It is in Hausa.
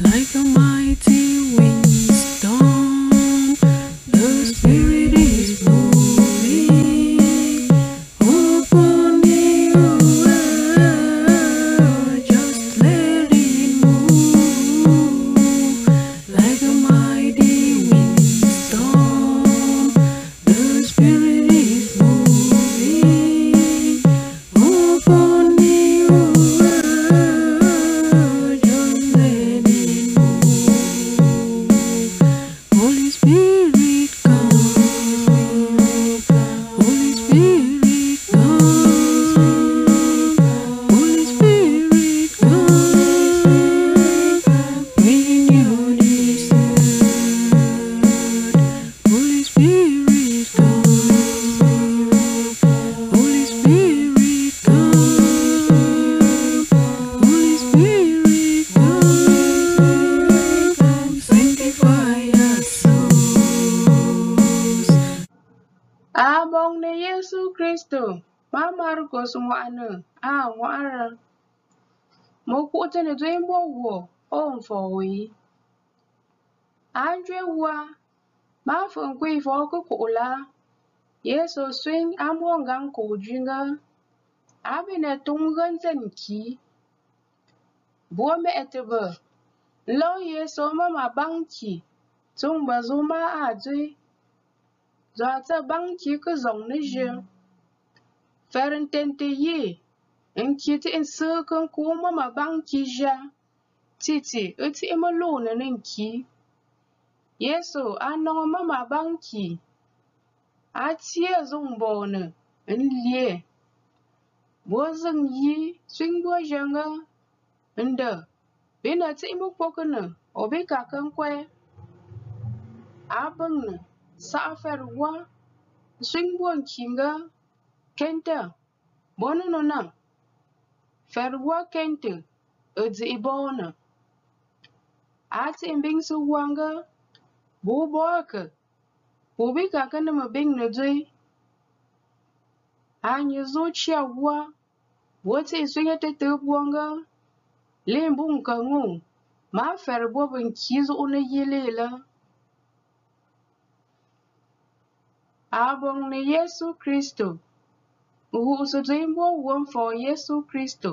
like a mom. ɓongne yesu Kristo ma Markus ŋwa'anə a ŋwa'arə mə ku'utə ni dwayimbo gwo ko nfowi a jwe wa e ma fɨ̀ ŋkwì fo kɨ ku'ula Yeso swin a monga ko Abi a bɨ tuŋgə nzən ŋki. Bo me'etə bə ma yeso mə mabaŋ ŋki tsû mbə̀zû ma a dzwe. zwa tsa bang ki ka zong ni zhe. Faren ten te ye, en ki te en se kan kuo ma ma bang ki zha. Ti ti, e ti e lo na ki. Yeso, a ma ma bang ki. A ti zong bo ne, en liye. Bo yi, swing bo zha nga. Nde, bina ti e mo poko obi ka kwe. sa'a fer wa swing buwan kinga kenta bonu no nam fer wa kenti e dihi bonu a tihi bingsi wanga buu boeki buubi ka ki nima bing ni dui a nyi zuciya wa buo tihi swinye titi buwanga lim bun ka ŋu ma fer bo bin ki zuɣu ni yili la Abonge Yesu Kristo, uhusitimbo uomfo Yesu Kristo.